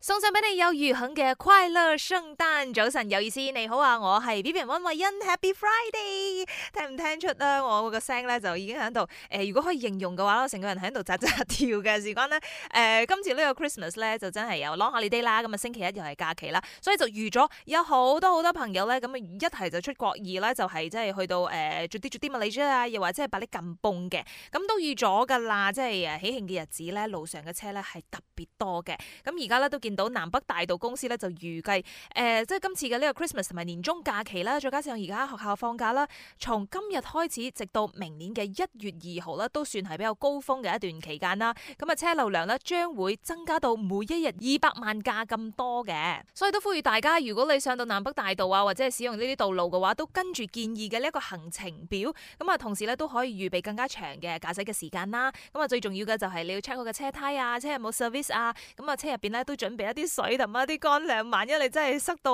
送上俾你有餘慶嘅快樂聖誕早晨有意思你好啊我係 Vivian 温慧欣 Happy Friday 聽唔聽出啊我個聲咧就已經喺度誒如果可以形容嘅話成個人喺度扎扎跳嘅事關咧誒今次呢個 Christmas 咧就真係有 Long Holiday 啦咁啊星期一又係假期啦所以就預咗有好多好多朋友咧咁啊一係就出國二咧就係即係去到誒做啲做啲乜嘢啊又或者係擺啲勁蹦嘅咁都預咗噶啦即係喜慶嘅日子咧路上嘅車咧係特別多嘅咁而家咧都見到南北大道公司咧就預計誒、呃，即係今次嘅呢個 Christmas 同埋年終假期啦，再加上而家學校放假啦，從今日開始直到明年嘅一月二號咧，都算係比較高峰嘅一段期間啦。咁啊，車流量呢將會增加到每一日二百萬架咁多嘅，所以都呼籲大家，如果你上到南北大道啊，或者係使用呢啲道路嘅話，都跟住建議嘅呢一個行程表，咁啊，同時咧都可以預備更加長嘅駕駛嘅時間啦。咁啊，最重要嘅就係你要 check 好嘅車胎啊，車有冇 service 啊，咁啊，車入邊呢都準備一啲水同埋一啲乾糧，萬一你真係塞到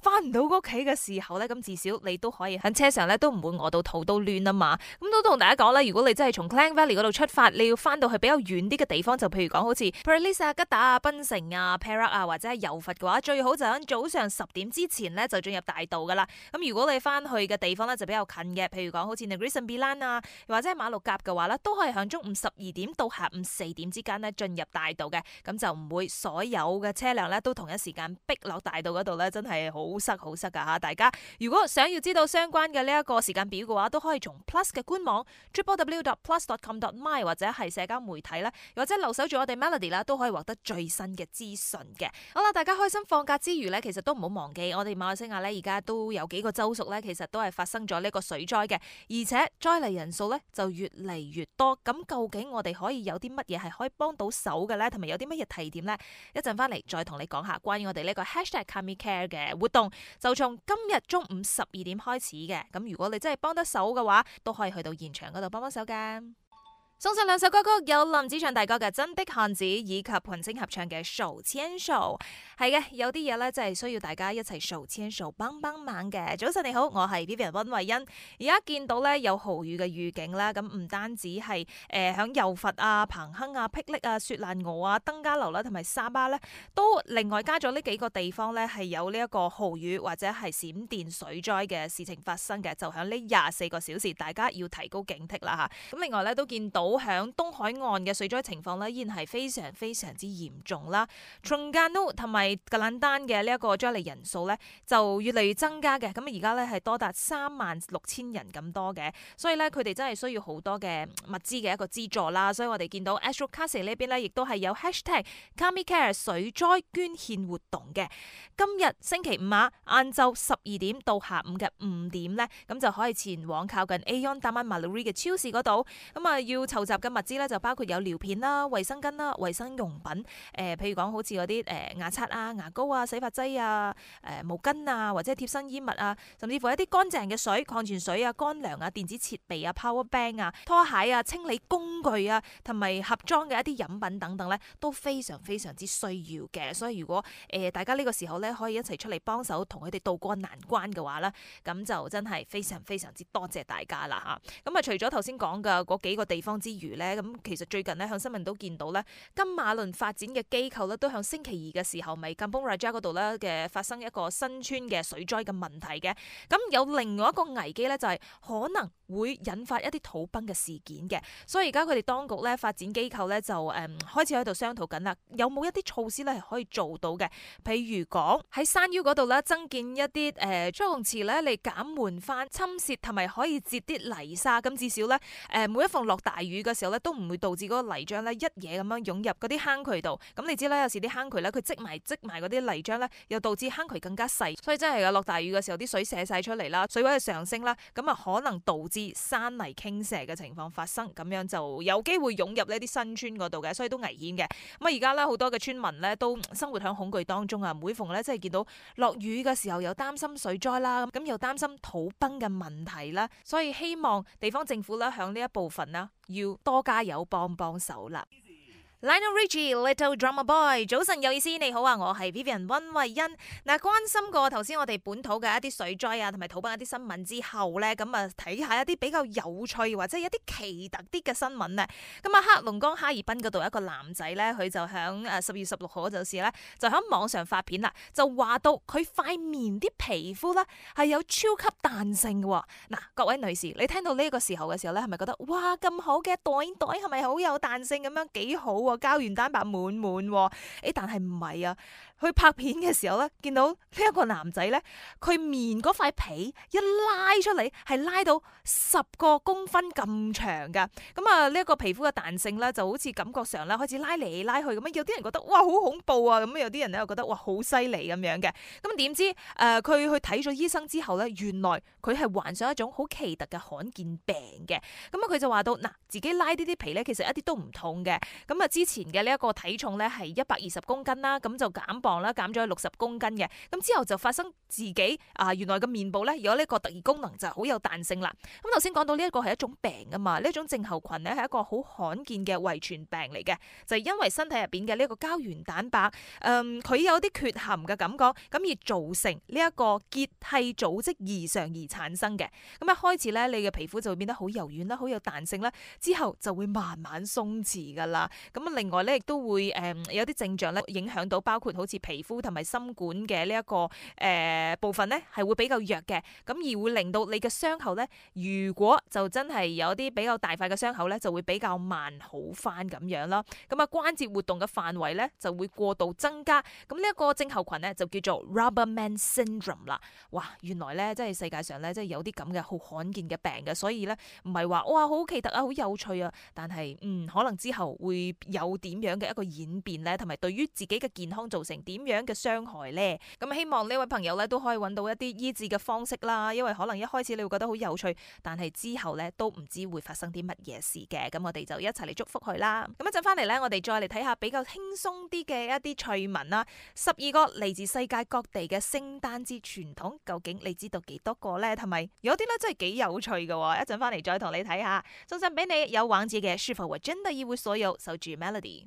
翻唔到屋企嘅時候咧，咁至少你都可以喺車上咧都唔會餓到肚都亂啊嘛。咁都同大家講啦，如果你真係從 Klang Valley 嗰度出發，你要翻到去比較遠啲嘅地方，就譬如講好似 Perlis、吉打啊、檳城啊、Perak 啊或者係柔佛嘅話，最好就喺早上十點之前咧就進入大道噶啦。咁如果你翻去嘅地方咧就比較近嘅，譬如講好似 Negeri Sembilan 啊或者係馬六甲嘅話咧，都可以喺中午十二點到下午四點之間咧進入大道嘅，咁就唔會。所有嘅車輛咧都同一時間逼落大道嗰度咧，真係好塞好塞噶吓！大家如果想要知道相關嘅呢一個時間表嘅話，都可以從 Plus 嘅官網 www.plus.com.my 或者係社交媒體咧，或者留守住我哋 Melody 啦，都可以獲得最新嘅資訊嘅。好啦，大家開心放假之餘呢，其實都唔好忘記我哋馬來西亞咧，而家都有幾個州屬呢，其實都係發生咗呢個水災嘅，而且災黎人數呢就越嚟越多。咁究竟我哋可以有啲乜嘢係可以幫到手嘅呢？同埋有啲乜嘢提點呢？一陣翻嚟再同你講下關於我哋呢個 hashtag CommunityCare 嘅活動，就從今日中午十二點開始嘅。咁如果你真係幫得手嘅話，都可以去到現場嗰度幫幫手噶。送上兩首歌曲，有林子祥大哥嘅《真的漢子》，以及群星合唱嘅《數錢數》。係嘅，有啲嘢咧，真係需要大家一齊數錢數，幫幫忙嘅。早晨你好，我係 Vivian 溫慧欣。而家見到咧有豪雨嘅預警啦，咁唔單止係誒響柔佛啊、彭亨啊、霹靂啊、雪蘭莪啊、登嘉樓啦，同埋沙巴咧，都另外加咗呢幾個地方咧係有呢一個豪雨或者係閃電水災嘅事情發生嘅，就響呢廿四個小時，大家要提高警惕啦吓。咁另外咧都見到。好響東海岸嘅水災情況咧，依然係非常非常之嚴重啦。Terengganu 同埋格蘭丹嘅呢一個災黎人數咧，就越嚟越增加嘅。咁而家呢係多達三萬六千人咁多嘅，所以呢，佢哋真係需要好多嘅物資嘅一個資助啦。所以我哋見到 Astro Kasih 呢邊咧，亦都係有 hashtag KamiCare 水災捐獻活動嘅。今日星期五啊，晏晝十二點到下午嘅五點呢，咁就可以前往靠近 AEON Taman Maluri 嘅超市嗰度，咁啊要。搜集嘅物資咧就包括有尿片啦、衛生巾啦、衛生用品，誒、呃，譬如講好似嗰啲誒牙刷啊、牙膏啊、洗髮劑啊、誒毛巾啊，或者係貼身衣物啊，甚至乎一啲乾淨嘅水、礦泉水啊、乾糧啊、電子設備啊、power bank 啊、拖鞋啊、清理工具啊，同埋盒裝嘅一啲飲品等等咧，都非常非常之需要嘅。所以如果誒大家呢個時候咧可以一齊出嚟幫手同佢哋渡過難關嘅話咧，咁就真係非常非常之多謝大家啦吓。咁啊，除咗頭先講嘅嗰幾個地方。之餘咧，咁其實最近咧，向新聞都見到咧，金馬侖發展嘅機構咧，都向星期二嘅時候，咪金邦拉賈嗰度咧嘅發生一個新村嘅水災嘅問題嘅，咁有另外一個危機咧，就係、是、可能。會引發一啲土崩嘅事件嘅，所以而家佢哋當局咧發展機構咧就誒、嗯、開始喺度商討緊啦，有冇一啲措施咧係可以做到嘅，譬如講喺山腰嗰度咧增建一啲誒蓄洪池咧嚟減緩翻侵蝕同埋可以截啲泥沙，咁至少咧誒、呃、每一逢落大雨嘅時候咧都唔會導致嗰個泥漿咧一嘢咁樣湧入嗰啲坑渠度，咁你知啦，有時啲坑渠咧佢積埋積埋嗰啲泥漿咧，又導致坑渠更加細，所以真係啊落大雨嘅時候啲水瀉晒出嚟啦，水位嘅上升啦，咁啊可能導致。山泥傾瀉嘅情況發生，咁樣就有機會湧入呢啲新村嗰度嘅，所以都危險嘅。咁啊，而家咧好多嘅村民咧都生活喺恐懼當中啊，每逢咧即係見到落雨嘅時候，又擔心水災啦，咁又擔心土崩嘅問題啦，所以希望地方政府咧響呢一部分啦，要多加油幫幫手啦。Lionel Richie，Little Drummer Boy，早晨有意思，你好啊，我係 Vivian 溫慧欣。嗱，關心過頭先我哋本土嘅一啲水災啊，同埋土崩一啲新聞之後咧，咁啊睇下一啲比較有趣或者一啲奇特啲嘅新聞咧。咁啊，黑龍江哈爾濱嗰度一個男仔咧，佢就響誒十月十六號嗰陣時咧，就響網上發片啦，就話到佢塊面啲皮膚咧係有超級彈性嘅。嗱，各位女士，你聽到呢個時候嘅時候咧，係咪覺得哇咁好嘅袋袋係咪好有彈性咁樣幾好啊？膠原蛋白滿滿，誒，但係唔係啊？佢拍片嘅時候咧，見到呢一個男仔咧，佢面嗰塊皮一拉出嚟，係拉到十個公分咁長㗎。咁啊，呢一個皮膚嘅彈性咧，就好似感覺上咧開始拉嚟拉去咁樣。有啲人覺得哇好恐怖啊，咁有啲人咧又覺得哇好犀利咁樣嘅。咁點知誒佢、呃、去睇咗醫生之後咧，原來佢係患上一種好奇特嘅罕見病嘅。咁啊佢就話到嗱，自己拉呢啲皮咧，其實一啲都唔痛嘅。咁啊之前嘅呢一個體重咧係一百二十公斤啦，咁就減磅。啦減咗六十公斤嘅，咁之後就發生自己啊原來嘅面部咧有呢個特異功能就好有彈性啦。咁頭先講到呢一個係一種病啊嘛，呢一種症候群咧係一個好罕見嘅遺傳病嚟嘅，就係因為身體入邊嘅呢個膠原蛋白，嗯佢有啲缺陷嘅感覺，咁而造成呢一個結締組織異常而產生嘅。咁一開始咧你嘅皮膚就會變得好柔軟啦，好有彈性啦，之後就會慢慢鬆弛噶啦。咁啊另外咧亦都會誒有啲症狀咧影響到包括好似，皮膚同埋心管嘅呢一個誒、呃、部分呢，係會比較弱嘅，咁而會令到你嘅傷口呢，如果就真係有啲比較大塊嘅傷口呢，就會比較慢好翻咁樣咯。咁啊，關節活動嘅範圍呢，就會過度增加。咁呢一個症候群呢，就叫做 Rubber Man Syndrome 啦。哇，原來呢，真係世界上呢，即係有啲咁嘅好罕見嘅病嘅，所以呢，唔係話哇好奇特啊，好有趣啊，但係嗯可能之後會有點樣嘅一個演變呢，同埋對於自己嘅健康造成。點樣嘅傷害呢？咁希望呢位朋友咧都可以搵到一啲醫治嘅方式啦，因為可能一開始你會覺得好有趣，但係之後咧都唔知會發生啲乜嘢事嘅。咁我哋就一齊嚟祝福佢啦。咁一陣翻嚟咧，我哋再嚟睇下比較輕鬆啲嘅一啲趣聞啦。十二個嚟自世界各地嘅聖誕節傳統，究竟你知道幾多個咧？同埋有啲咧真係幾有趣㗎喎，一陣翻嚟再同你睇下。送信俾你有玩子嘅，舒服和真的一無所有？守住 Melody。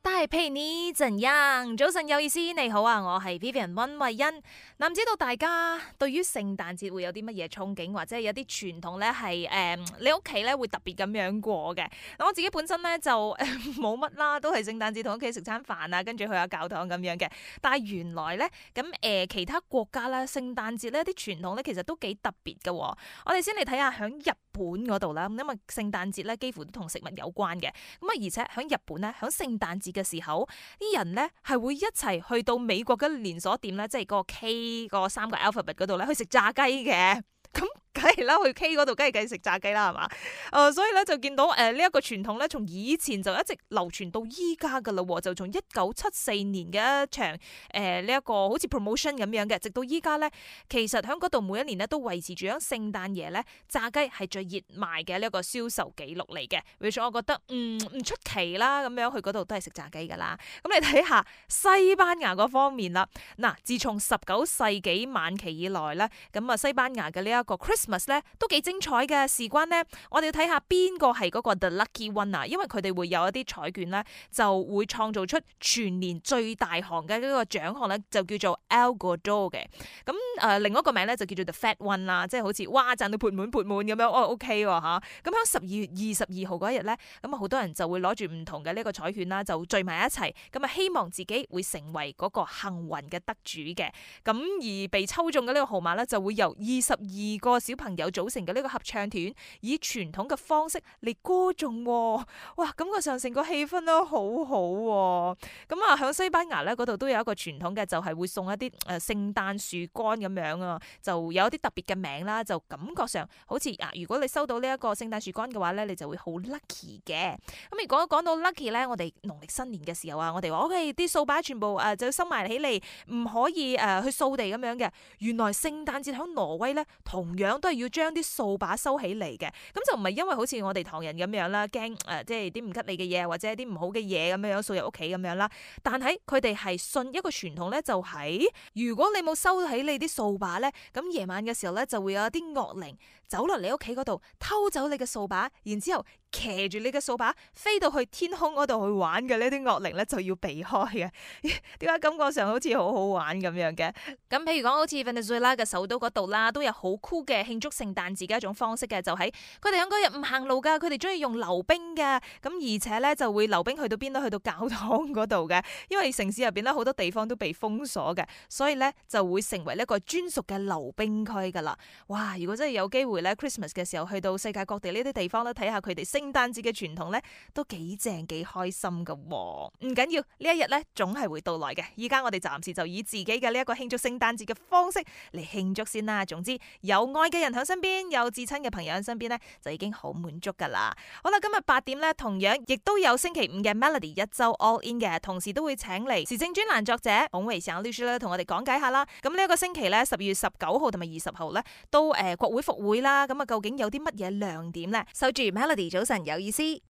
但係譬如呢陣早晨有意思，你好啊，我係 Vivian 溫慧欣。唔知道大家對於聖誕節會有啲乜嘢憧憬，或者係有啲傳統咧？係、呃、誒你屋企咧會特別咁樣過嘅。我自己本身咧就冇乜啦，都係聖誕節同屋企食餐飯啊，跟住去下教堂咁樣嘅。但係原來咧咁誒其他國家啦，聖誕節咧啲傳統咧其實都幾特別嘅、哦。我哋先嚟睇下響日本嗰度啦。咁啊，因為聖誕節咧幾乎都同食物有關嘅。咁啊，而且響日本咧響聖誕節。嘅時候，啲人咧係會一齊去到美國嘅連鎖店咧，即係嗰個 K 個三個 alphabet 嗰度咧，去食炸雞嘅，咁。梗係啦，去 K 嗰度梗係梗係食炸雞啦，係嘛、呃？所以咧就見到呢一、呃呢個傳統咧，從以前就一直流傳到依家噶啦，就從一九七四年嘅一場呢一、呃呢個好似 promotion 咁樣嘅，直到依家咧，其實喺嗰度每一年咧都維持住響聖誕夜咧炸雞係最熱賣嘅呢一個銷售記錄嚟嘅。which 我覺得唔唔、嗯、出奇啦，咁樣去嗰度都係食炸雞㗎啦。咁你睇下西班牙嗰方面啦，嗱，自從十九世紀晚期以來咧，咁啊西班牙嘅呢一個 Christmas 咧都幾精彩嘅，事關呢，我哋要睇下邊個係嗰個 the lucky one 啊，因為佢哋會有一啲彩券呢，就會創造出全年最大行嘅呢個獎項呢，就叫做 El Gordo 嘅。咁、呃、另一個名咧就叫做 the fat one 啦，即係好似哇賺到潑滿潑滿咁樣，哦 OK 喎嚇。咁喺十二月二十二號嗰一日呢，咁啊好多人就會攞住唔同嘅呢個彩券啦，就聚埋一齊，咁啊希望自己會成為嗰個幸運嘅得主嘅。咁而被抽中嘅呢個號碼呢，就會由二十二個。小朋友組成嘅呢個合唱團，以傳統嘅方式嚟歌頌、哦，哇！感覺上成個氣氛都好好、哦。咁、嗯、啊，響西班牙咧，嗰度都有一個傳統嘅，就係、是、會送一啲誒聖誕樹幹咁樣啊，就有一啲特別嘅名啦，就感覺上好似啊，如果你收到呢一個聖誕樹幹嘅話咧，你就會好 lucky 嘅。咁、嗯、如果講到 lucky 咧，我哋農曆新年嘅時候啊，我哋話，ok，啲掃把全部誒、呃、就收埋起嚟，唔可以誒、呃、去掃地咁樣嘅。原來聖誕節響挪威咧，同樣。都係要將啲掃把收起嚟嘅，咁就唔係因為好似我哋唐人咁樣啦，驚誒，即係啲唔吉利嘅嘢或者一啲唔好嘅嘢咁樣掃樣掃入屋企咁樣啦。但係佢哋係信一個傳統咧，就係、是、如果你冇收起你啲掃把咧，咁夜晚嘅時候咧就會有一啲惡靈走落你屋企嗰度偷走你嘅掃把，然之後。騎住你嘅掃把飛到去天空嗰度去玩嘅，呢啲惡靈咧就要避開嘅。點 解感覺上好似好好玩咁樣嘅？咁譬如講好似委內瑞拉嘅首都嗰度啦，都有好酷嘅慶祝聖誕節嘅一種方式嘅，就喺佢哋響嗰日唔行路噶，佢哋中意用溜冰噶。咁而且咧就會溜冰去到邊都去到教堂嗰度嘅，因為城市入邊咧好多地方都被封鎖嘅，所以咧就會成為呢個專屬嘅溜冰區噶啦。哇！如果真係有機會咧，Christmas 嘅時候去到世界各地呢啲地方咧，睇下佢哋。聖誕節嘅傳統咧都幾正幾開心噶、哦，唔緊要呢一日咧總係會到來嘅。依家我哋暫時就以自己嘅呢一個慶祝聖誕節嘅方式嚟慶祝先啦。總之有愛嘅人喺身邊，有至親嘅朋友喺身邊咧，就已經好滿足噶啦。好啦，今日八點咧，同樣亦都有星期五嘅 Melody 一周 All In 嘅，同時都會請嚟時政專欄作者孔維成律師咧，同我哋講解下啦。咁呢一個星期咧，十二月十九號同埋二十號咧，都誒、呃、國會復會啦。咁啊，究竟有啲乜嘢亮點咧？守住 Melody 早。神有意思。